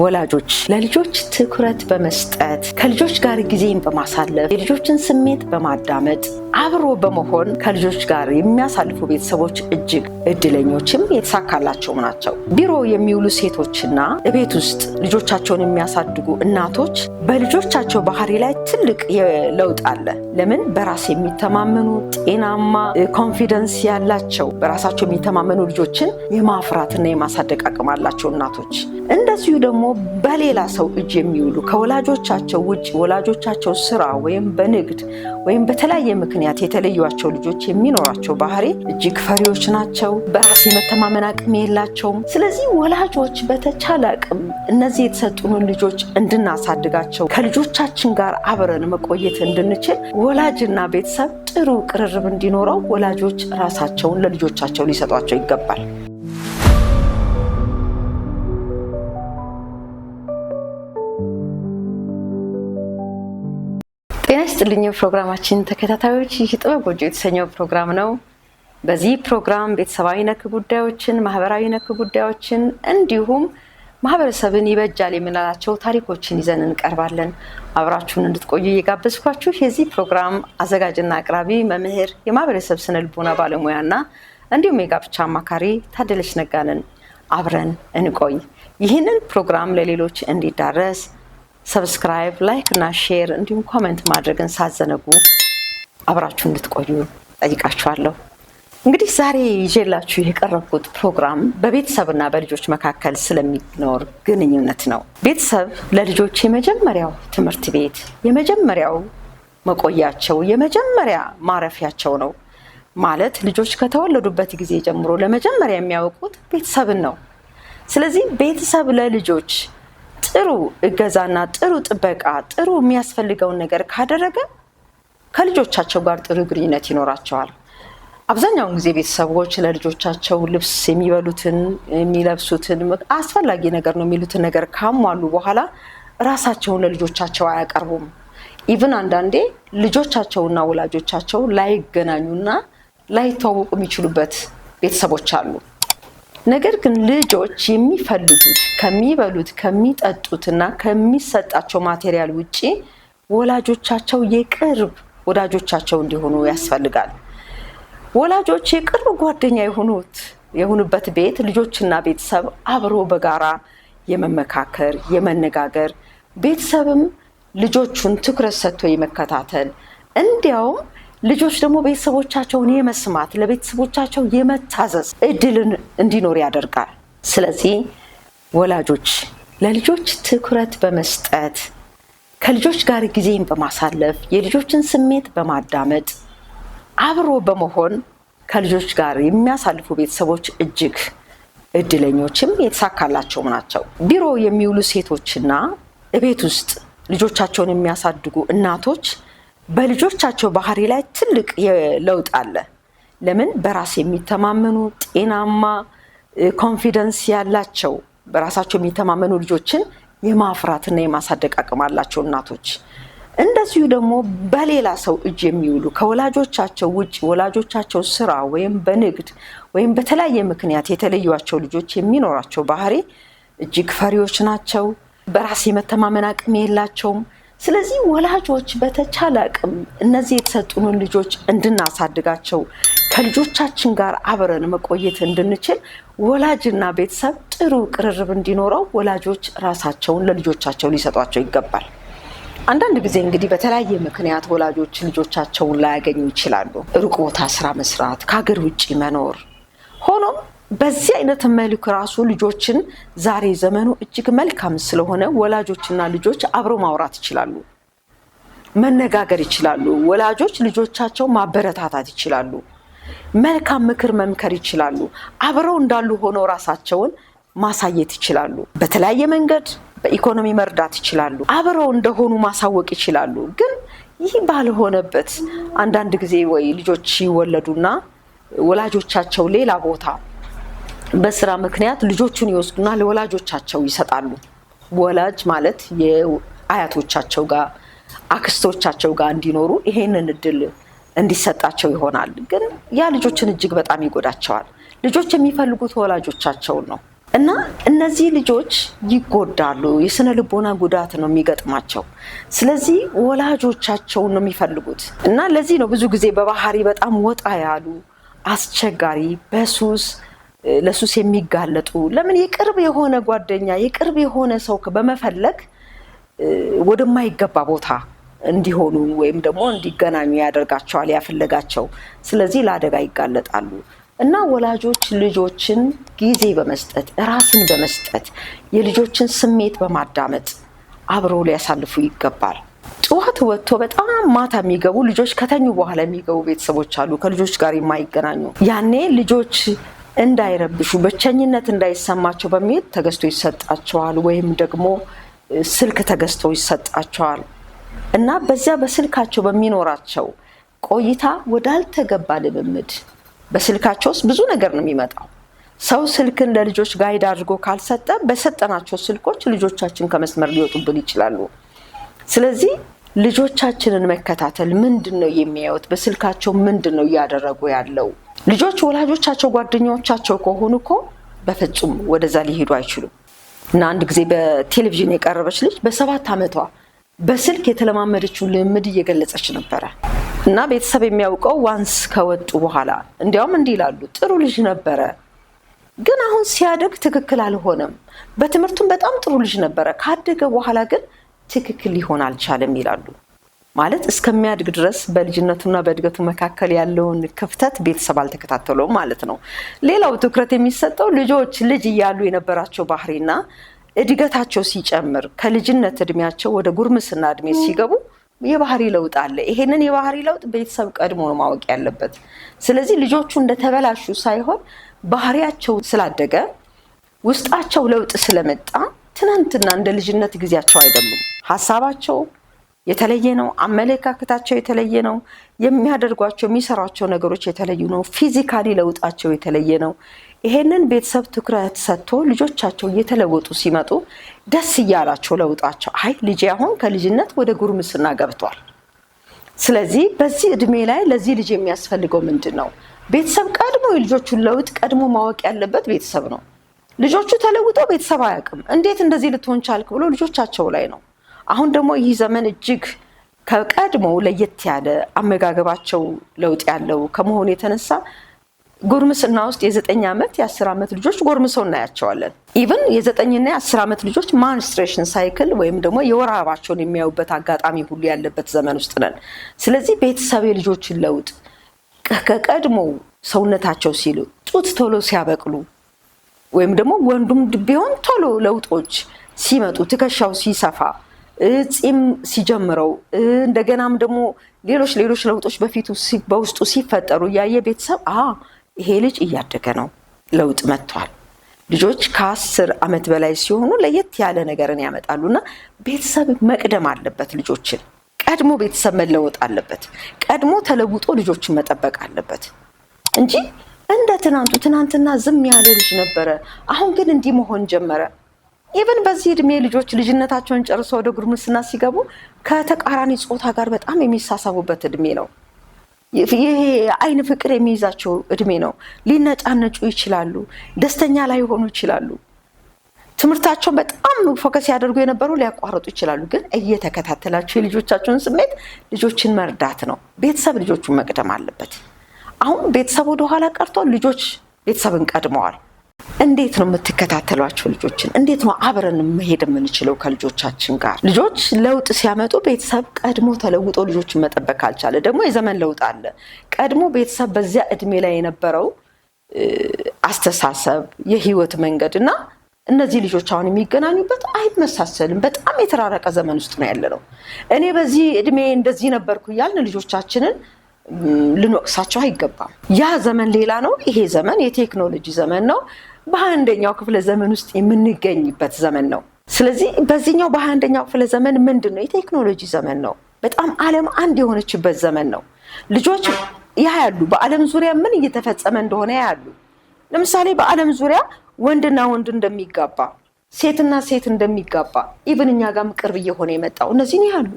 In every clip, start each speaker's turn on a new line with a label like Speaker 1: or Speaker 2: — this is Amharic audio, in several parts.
Speaker 1: ወላጆች ለልጆች ትኩረት በመስጠት ከልጆች ጋር ጊዜን በማሳለፍ የልጆችን ስሜት በማዳመጥ አብሮ በመሆን ከልጆች ጋር የሚያሳልፉ ቤተሰቦች እጅግ እድለኞችም የተሳካላቸውም ናቸው። ቢሮ የሚውሉ ሴቶችና ቤት ውስጥ ልጆቻቸውን የሚያሳድጉ እናቶች በልጆቻቸው ባህሪ ላይ ትልቅ ለውጥ አለ። ለምን? በራስ የሚተማመኑ ጤናማ ኮንፊደንስ ያላቸው በራሳቸው የሚተማመኑ ልጆችን የማፍራትና የማሳደግ አቅም አላቸው እናቶች እንደዚሁ ደግሞ ደግሞ በሌላ ሰው እጅ የሚውሉ ከወላጆቻቸው ውጭ ወላጆቻቸው ስራ ወይም በንግድ ወይም በተለያየ ምክንያት የተለዩቸው ልጆች የሚኖራቸው ባህሪ እጅግ ፈሪዎች ናቸው። በራስ የመተማመን አቅም የላቸውም። ስለዚህ ወላጆች በተቻለ አቅም እነዚህ የተሰጡንን ልጆች እንድናሳድጋቸው ከልጆቻችን ጋር አብረን መቆየት እንድንችል ወላጅና ቤተሰብ ጥሩ ቅርርብ እንዲኖረው ወላጆች ራሳቸውን ለልጆቻቸው ሊሰጧቸው ይገባል።
Speaker 2: ይስጥልኝ ፕሮግራማችን ተከታታዮች፣ ይህ ጥበብ ጎጆ የተሰኘው ፕሮግራም ነው። በዚህ ፕሮግራም ቤተሰባዊ ነክ ጉዳዮችን፣ ማህበራዊ ነክ ጉዳዮችን እንዲሁም ማህበረሰብን ይበጃል የምንላቸው ታሪኮችን ይዘን እንቀርባለን። አብራችሁን እንድትቆዩ እየጋበዝኳችሁ የዚህ ፕሮግራም አዘጋጅና አቅራቢ መምህር፣ የማህበረሰብ ስነ ልቦና ባለሙያና እንዲሁም የጋብቻ አማካሪ ታደለች ነጋንን አብረን እንቆይ። ይህንን ፕሮግራም ለሌሎች እንዲዳረስ ሰብስክራይብ፣ ላይክ እና ሼር እንዲሁም ኮሜንት ማድረግን ሳዘነጉ አብራችሁ እንድትቆዩ ጠይቃችኋለሁ። እንግዲህ ዛሬ ይዤላችሁ የቀረብኩት ፕሮግራም በቤተሰብና በልጆች መካከል ስለሚኖር ግንኙነት ነው። ቤተሰብ ለልጆች የመጀመሪያው ትምህርት ቤት፣ የመጀመሪያው መቆያቸው፣ የመጀመሪያ ማረፊያቸው ነው። ማለት ልጆች ከተወለዱበት ጊዜ ጀምሮ ለመጀመሪያ የሚያውቁት ቤተሰብን ነው። ስለዚህ ቤተሰብ ለልጆች ጥሩ እገዛና ጥሩ ጥበቃ፣ ጥሩ የሚያስፈልገውን ነገር ካደረገ ከልጆቻቸው ጋር ጥሩ ግንኙነት ይኖራቸዋል። አብዛኛውን ጊዜ ቤተሰቦች ለልጆቻቸው ልብስ የሚበሉትን የሚለብሱትን አስፈላጊ ነገር ነው የሚሉትን ነገር ካሟሉ በኋላ ራሳቸውን ለልጆቻቸው አያቀርቡም። ኢቭን አንዳንዴ ልጆቻቸውና ወላጆቻቸው ላይገናኙና ላይተዋወቁ የሚችሉበት ቤተሰቦች አሉ። ነገር ግን ልጆች የሚፈልጉት ከሚበሉት ከሚጠጡትና ከሚሰጣቸው ማቴሪያል ውጪ ወላጆቻቸው የቅርብ ወዳጆቻቸው እንዲሆኑ ያስፈልጋል። ወላጆች የቅርብ ጓደኛ የሆኑት የሆኑበት ቤት ልጆችና ቤተሰብ አብሮ በጋራ የመመካከር የመነጋገር ቤተሰብም ልጆቹን ትኩረት ሰጥቶ የመከታተል እንዲያውም ልጆች ደግሞ ቤተሰቦቻቸውን የመስማት ለቤተሰቦቻቸው የመታዘዝ እድልን እንዲኖር ያደርጋል። ስለዚህ ወላጆች ለልጆች ትኩረት በመስጠት ከልጆች ጋር ጊዜን በማሳለፍ የልጆችን ስሜት በማዳመጥ አብሮ በመሆን ከልጆች ጋር የሚያሳልፉ ቤተሰቦች እጅግ እድለኞችም የተሳካላቸውም ናቸው። ቢሮ የሚውሉ ሴቶችና ቤት ውስጥ ልጆቻቸውን የሚያሳድጉ እናቶች በልጆቻቸው ባህሪ ላይ ትልቅ ለውጥ አለ። ለምን በራስ የሚተማመኑ ጤናማ ኮንፊደንስ ያላቸው በራሳቸው የሚተማመኑ ልጆችን የማፍራትና የማሳደግ አቅም አላቸው እናቶች። እንደዚሁ ደግሞ በሌላ ሰው እጅ የሚውሉ ከወላጆቻቸው ውጭ ወላጆቻቸው ስራ ወይም በንግድ ወይም በተለያየ ምክንያት የተለዩቸው ልጆች የሚኖራቸው ባህሪ እጅግ ፈሪዎች ናቸው። በራስ የመተማመን አቅም የላቸውም። ስለዚህ ወላጆች በተቻለ አቅም እነዚህ የተሰጡንን ልጆች እንድናሳድጋቸው ከልጆቻችን ጋር አብረን መቆየት እንድንችል ወላጅና ቤተሰብ ጥሩ ቅርርብ እንዲኖረው ወላጆች ራሳቸውን ለልጆቻቸው ሊሰጧቸው ይገባል። አንዳንድ ጊዜ እንግዲህ በተለያየ ምክንያት ወላጆች ልጆቻቸውን ላያገኙ ይችላሉ። ርቆ ቦታ ስራ መስራት፣ ከሀገር ውጭ መኖር ሆኖም በዚህ አይነት መልክ ራሱ ልጆችን ዛሬ ዘመኑ እጅግ መልካም ስለሆነ ወላጆችና ልጆች አብረው ማውራት ይችላሉ፣ መነጋገር ይችላሉ። ወላጆች ልጆቻቸው ማበረታታት ይችላሉ፣ መልካም ምክር መምከር ይችላሉ። አብረው እንዳሉ ሆነው ራሳቸውን ማሳየት ይችላሉ። በተለያየ መንገድ በኢኮኖሚ መርዳት ይችላሉ። አብረው እንደሆኑ ማሳወቅ ይችላሉ። ግን ይህ ባልሆነበት አንዳንድ ጊዜ ወይ ልጆች ይወለዱና ወላጆቻቸው ሌላ ቦታ በስራ ምክንያት ልጆቹን ይወስዱና ለወላጆቻቸው ይሰጣሉ። ወላጅ ማለት የአያቶቻቸው ጋር አክስቶቻቸው ጋር እንዲኖሩ ይሄንን እድል እንዲሰጣቸው ይሆናል። ግን ያ ልጆችን እጅግ በጣም ይጎዳቸዋል። ልጆች የሚፈልጉት ወላጆቻቸውን ነው እና እነዚህ ልጆች ይጎዳሉ። የስነ ልቦና ጉዳት ነው የሚገጥማቸው። ስለዚህ ወላጆቻቸውን ነው የሚፈልጉት እና ለዚህ ነው ብዙ ጊዜ በባህሪ በጣም ወጣ ያሉ አስቸጋሪ በሱስ ለሱስ የሚጋለጡ ለምን የቅርብ የሆነ ጓደኛ የቅርብ የሆነ ሰው በመፈለግ ወደማይገባ ቦታ እንዲሆኑ ወይም ደግሞ እንዲገናኙ ያደርጋቸዋል ያፈለጋቸው። ስለዚህ ለአደጋ ይጋለጣሉ እና ወላጆች ልጆችን ጊዜ በመስጠት ራስን በመስጠት የልጆችን ስሜት በማዳመጥ አብሮ ሊያሳልፉ ይገባል። ጠዋት ወጥቶ በጣም ማታ የሚገቡ ልጆች ከተኙ በኋላ የሚገቡ ቤተሰቦች አሉ፣ ከልጆች ጋር የማይገናኙ ያኔ ልጆች እንዳይረብሹ ብቸኝነት እንዳይሰማቸው በሚል ተገዝቶ ይሰጣቸዋል፣ ወይም ደግሞ ስልክ ተገዝቶ ይሰጣቸዋል እና በዚያ በስልካቸው በሚኖራቸው ቆይታ ወዳልተገባ ልምምድ በስልካቸው ውስጥ ብዙ ነገር ነው የሚመጣው። ሰው ስልክን ለልጆች ጋይድ አድርጎ ካልሰጠ በሰጠናቸው ስልኮች ልጆቻችን ከመስመር ሊወጡብን ይችላሉ። ስለዚህ ልጆቻችንን መከታተል ምንድን ነው የሚያዩት? በስልካቸው ምንድን ነው እያደረጉ ያለው? ልጆች ወላጆቻቸው ጓደኛዎቻቸው ከሆኑ እኮ በፍጹም ወደዛ ሊሄዱ አይችሉም። እና አንድ ጊዜ በቴሌቪዥን የቀረበች ልጅ በሰባት ዓመቷ በስልክ የተለማመደችው ልምድ እየገለጸች ነበረ። እና ቤተሰብ የሚያውቀው ዋንስ ከወጡ በኋላ እንዲያውም እንዲህ ይላሉ፣ ጥሩ ልጅ ነበረ፣ ግን አሁን ሲያድግ ትክክል አልሆነም። በትምህርቱም በጣም ጥሩ ልጅ ነበረ፣ ካደገ በኋላ ግን ትክክል ሊሆን አልቻለም ይላሉ። ማለት እስከሚያድግ ድረስ በልጅነቱና በእድገቱ መካከል ያለውን ክፍተት ቤተሰብ አልተከታተለውም ማለት ነው። ሌላው ትኩረት የሚሰጠው ልጆች ልጅ እያሉ የነበራቸው ባህሪና እድገታቸው ሲጨምር ከልጅነት እድሜያቸው ወደ ጉርምስና እድሜ ሲገቡ የባህሪ ለውጥ አለ። ይሄንን የባህሪ ለውጥ ቤተሰብ ቀድሞ ነው ማወቅ ያለበት። ስለዚህ ልጆቹ እንደተበላሹ ሳይሆን ባህሪያቸው ስላደገ ውስጣቸው ለውጥ ስለመጣ ትናንትና እንደ ልጅነት ጊዜያቸው አይደሉም። ሀሳባቸው የተለየ ነው። አመለካከታቸው የተለየ ነው። የሚያደርጓቸው የሚሰሯቸው ነገሮች የተለዩ ነው። ፊዚካሊ ለውጣቸው የተለየ ነው። ይሄንን ቤተሰብ ትኩረት ሰጥቶ ልጆቻቸው እየተለወጡ ሲመጡ ደስ እያላቸው ለውጣቸው፣ አይ ልጄ አሁን ከልጅነት ወደ ጉርምስና ገብቷል። ስለዚህ በዚህ እድሜ ላይ ለዚህ ልጅ የሚያስፈልገው ምንድን ነው? ቤተሰብ ቀድሞ የልጆቹን ለውጥ ቀድሞ ማወቅ ያለበት ቤተሰብ ነው። ልጆቹ ተለውጠው ቤተሰብ አያውቅም። እንዴት እንደዚህ ልትሆን ቻልክ ብሎ ልጆቻቸው ላይ ነው። አሁን ደግሞ ይህ ዘመን እጅግ ከቀድሞ ለየት ያለ አመጋገባቸው ለውጥ ያለው ከመሆኑ የተነሳ ጎርምስና ውስጥ የዘጠኝ ዓመት የአስር ዓመት ልጆች ጎርምሰው እናያቸዋለን። ኢቭን የዘጠኝና የአስር ዓመት ልጆች ማንስትሬሽን ሳይክል ወይም ደግሞ የወር አበባቸውን የሚያዩበት አጋጣሚ ሁሉ ያለበት ዘመን ውስጥ ነን። ስለዚህ ቤተሰብ የልጆችን ለውጥ ከቀድሞ ሰውነታቸው ሲሉ ጡት ቶሎ ሲያበቅሉ ወይም ደግሞ ወንዱም ቢሆን ቶሎ ለውጦች ሲመጡ ትከሻው ሲሰፋ ፂም ሲጀምረው እንደገናም ደግሞ ሌሎች ሌሎች ለውጦች በፊቱ በውስጡ ሲፈጠሩ እያየ ቤተሰብ አ ይሄ ልጅ እያደገ ነው፣ ለውጥ መጥቷል። ልጆች ከአስር ዓመት በላይ ሲሆኑ ለየት ያለ ነገርን ያመጣሉ እና ቤተሰብ መቅደም አለበት። ልጆችን ቀድሞ ቤተሰብ መለወጥ አለበት። ቀድሞ ተለውጦ ልጆችን መጠበቅ አለበት እንጂ እንደ ትናንቱ ትናንትና ዝም ያለ ልጅ ነበረ። አሁን ግን እንዲህ መሆን ጀመረ። ኢቨን በዚህ እድሜ ልጆች ልጅነታቸውን ጨርሰው ወደ ጉርምስና ሲገቡ ከተቃራኒ ጾታ ጋር በጣም የሚሳሳቡበት እድሜ ነው። ይሄ አይን ፍቅር የሚይዛቸው እድሜ ነው። ሊነጫነጩ ይችላሉ። ደስተኛ ላይሆኑ ይችላሉ። ትምህርታቸውን በጣም ፎከስ ያደርጉ የነበረው ሊያቋርጡ ይችላሉ። ግን እየተከታተላቸው የልጆቻቸውን ስሜት ልጆችን መርዳት ነው። ቤተሰብ ልጆቹን መቅደም አለበት። አሁን ቤተሰብ ወደ ኋላ ቀርቶ ልጆች ቤተሰብን ቀድመዋል። እንዴት ነው የምትከታተሏቸው? ልጆችን እንዴት ነው አብረን መሄድ የምንችለው ከልጆቻችን ጋር? ልጆች ለውጥ ሲያመጡ ቤተሰብ ቀድሞ ተለውጦ ልጆችን መጠበቅ ካልቻለ ደግሞ የዘመን ለውጥ አለ። ቀድሞ ቤተሰብ በዚያ እድሜ ላይ የነበረው አስተሳሰብ፣ የህይወት መንገድ እና እነዚህ ልጆች አሁን የሚገናኙበት አይመሳሰልም። በጣም የተራረቀ ዘመን ውስጥ ነው ያለ ነው። እኔ በዚህ እድሜ እንደዚህ ነበርኩ እያልን ልጆቻችንን ልንወቅሳቸው አይገባም። ያ ዘመን ሌላ ነው። ይሄ ዘመን የቴክኖሎጂ ዘመን ነው። በሃያ አንደኛው ክፍለ ዘመን ውስጥ የምንገኝበት ዘመን ነው። ስለዚህ በዚህኛው በሃያ አንደኛው ክፍለ ዘመን ምንድን ነው? የቴክኖሎጂ ዘመን ነው። በጣም ዓለም አንድ የሆነችበት ዘመን ነው። ልጆች ያሉ በዓለም ዙሪያ ምን እየተፈጸመ እንደሆነ ያያሉ። ለምሳሌ በዓለም ዙሪያ ወንድና ወንድ እንደሚጋባ ሴትና ሴት እንደሚጋባ ኢቭን እኛ ጋርም ቅርብ እየሆነ የመጣው እነዚህን ያሉ።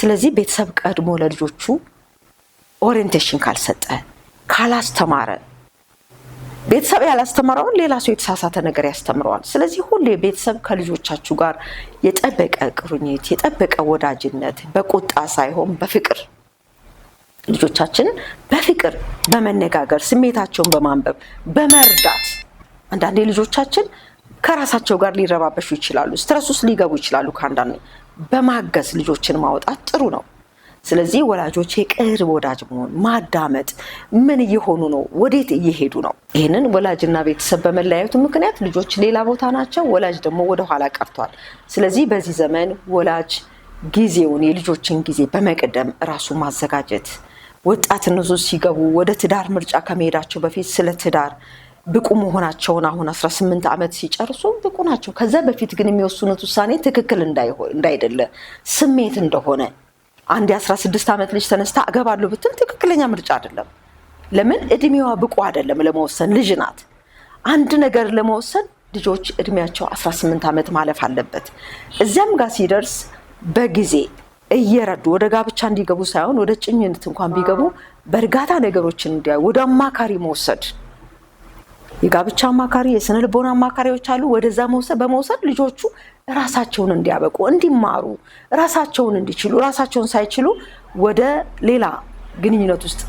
Speaker 2: ስለዚህ ቤተሰብ ቀድሞ ለልጆቹ ኦሪየንቴሽን ካልሰጠ ካላስተማረ ቤተሰብ ያላስተማረውን ሌላ ሰው የተሳሳተ ነገር ያስተምረዋል። ስለዚህ ሁሌ ቤተሰብ ከልጆቻችሁ ጋር የጠበቀ ቁርኝት፣ የጠበቀ ወዳጅነት በቁጣ ሳይሆን በፍቅር ልጆቻችን በፍቅር በመነጋገር ስሜታቸውን በማንበብ በመርዳት አንዳንዴ ልጆቻችን ከራሳቸው ጋር ሊረባበሹ ይችላሉ፣ ስትረስ ውስጥ ሊገቡ ይችላሉ። ከአንዳንድ በማገዝ ልጆችን ማውጣት ጥሩ ነው። ስለዚህ ወላጆች የቅርብ ወዳጅ መሆን፣ ማዳመጥ፣ ምን እየሆኑ ነው፣ ወዴት እየሄዱ ነው። ይህንን ወላጅና ቤተሰብ በመለያየቱ ምክንያት ልጆች ሌላ ቦታ ናቸው፣ ወላጅ ደግሞ ወደኋላ ቀርቷል። ስለዚህ በዚህ ዘመን ወላጅ ጊዜውን የልጆችን ጊዜ በመቅደም እራሱ ማዘጋጀት ወጣትነቱ ሲገቡ ወደ ትዳር ምርጫ ከመሄዳቸው በፊት ስለ ትዳር ብቁ መሆናቸውን አሁን 18 ዓመት ሲጨርሱ ብቁ ናቸው። ከዛ በፊት ግን የሚወስኑት ውሳኔ ትክክል እንዳይደለ ስሜት እንደሆነ አንድ የ16 ዓመት ልጅ ተነስታ አገባለሁ ብትል ትክክለኛ ምርጫ አይደለም። ለምን እድሜዋ ብቁ አይደለም ለመወሰን። ልጅ ናት። አንድ ነገር ለመወሰን ልጆች እድሜያቸው 18 ዓመት ማለፍ አለበት። እዚያም ጋር ሲደርስ በጊዜ እየረዱ ወደ ጋብቻ እንዲገቡ ሳይሆን ወደ ጭኝነት እንኳን ቢገቡ በእርጋታ ነገሮችን እንዲያዩ ወደ አማካሪ መውሰድ የጋብቻ አማካሪ፣ የስነ ልቦና አማካሪዎች አሉ። ወደዛ መውሰድ በመውሰድ ልጆቹ ራሳቸውን እንዲያበቁ፣ እንዲማሩ፣ ራሳቸውን እንዲችሉ፣ ራሳቸውን ሳይችሉ ወደ ሌላ ግንኙነት ውስጥ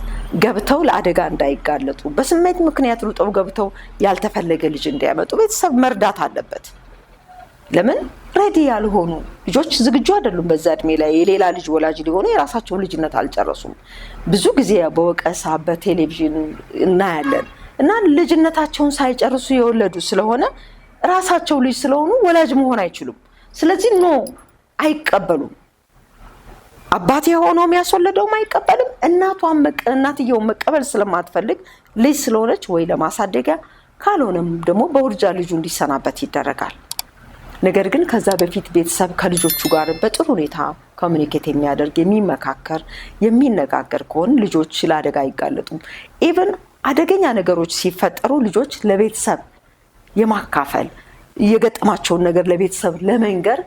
Speaker 2: ገብተው ለአደጋ እንዳይጋለጡ፣ በስሜት ምክንያት ሩጠው ገብተው ያልተፈለገ ልጅ እንዲያመጡ ቤተሰብ መርዳት አለበት። ለምን ሬዲ ያልሆኑ ልጆች ዝግጁ አይደሉም። በዛ እድሜ ላይ የሌላ ልጅ ወላጅ ሊሆኑ የራሳቸውን ልጅነት አልጨረሱም። ብዙ ጊዜ በወቀሳ በቴሌቪዥን እናያለን። እና ልጅነታቸውን ሳይጨርሱ የወለዱ ስለሆነ ራሳቸው ልጅ ስለሆኑ ወላጅ መሆን አይችሉም። ስለዚህ ኖ አይቀበሉም። አባት የሆነው የሚያስወለደውም አይቀበልም። እናቷን እናትየውን መቀበል ስለማትፈልግ ልጅ ስለሆነች ወይ ለማሳደጊያ ካልሆነም ደግሞ በውርጃ ልጁ እንዲሰናበት ይደረጋል። ነገር ግን ከዛ በፊት ቤተሰብ ከልጆቹ ጋር በጥሩ ሁኔታ ኮሚኒኬት የሚያደርግ የሚመካከር፣ የሚነጋገር ከሆን ልጆች ለአደጋ አይጋለጡም። ኢቨን አደገኛ ነገሮች ሲፈጠሩ ልጆች ለቤተሰብ የማካፈል የገጠማቸውን ነገር ለቤተሰብ ለመንገር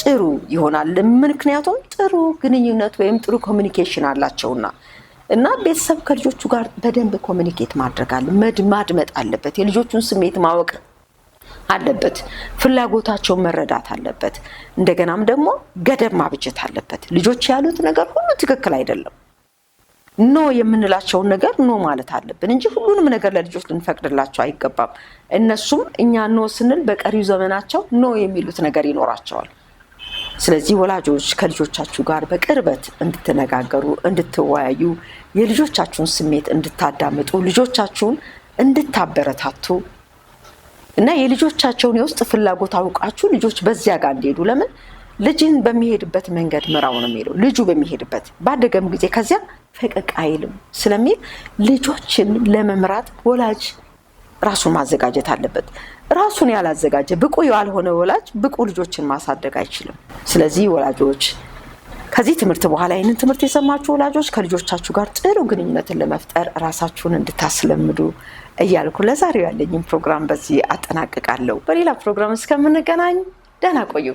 Speaker 2: ጥሩ ይሆናል። ምክንያቱም ጥሩ ግንኙነት ወይም ጥሩ ኮሚኒኬሽን አላቸውና እና ቤተሰብ ከልጆቹ ጋር በደንብ ኮሚኒኬት ማድረግ አለ ማድመጥ አለበት። የልጆቹን ስሜት ማወቅ አለበት። ፍላጎታቸውን መረዳት አለበት። እንደገናም ደግሞ ገደብ ማብጀት አለበት። ልጆች ያሉት ነገር ሁሉ ትክክል አይደለም። ኖ የምንላቸውን ነገር ኖ ማለት አለብን እንጂ ሁሉንም ነገር ለልጆች ልንፈቅድላቸው አይገባም። እነሱም እኛ ኖ ስንል በቀሪው ዘመናቸው ኖ የሚሉት ነገር ይኖራቸዋል። ስለዚህ ወላጆች ከልጆቻችሁ ጋር በቅርበት እንድትነጋገሩ፣ እንድትወያዩ፣ የልጆቻችሁን ስሜት እንድታዳምጡ፣ ልጆቻችሁን እንድታበረታቱ እና የልጆቻቸውን የውስጥ ፍላጎት አውቃችሁ ልጆች በዚያ ጋር እንዲሄዱ ለምን ልጅን በሚሄድበት መንገድ ምራው ነው የሚለው ልጁ በሚሄድበት ባደገም ጊዜ ከዚያ ፈቀቅ አይልም ስለሚል ልጆችን ለመምራት ወላጅ ራሱን ማዘጋጀት አለበት። ራሱን ያላዘጋጀ ብቁ ያልሆነ ወላጅ ብቁ ልጆችን ማሳደግ አይችልም። ስለዚህ ወላጆች ከዚህ ትምህርት በኋላ ይህንን ትምህርት የሰማችሁ ወላጆች ከልጆቻችሁ ጋር ጥሩ ግንኙነትን ለመፍጠር ራሳችሁን እንድታስለምዱ እያልኩ ለዛሬው ያለኝን ፕሮግራም በዚህ አጠናቅቃለሁ። በሌላ ፕሮግራም እስከምንገናኝ ደህና ቆዩ።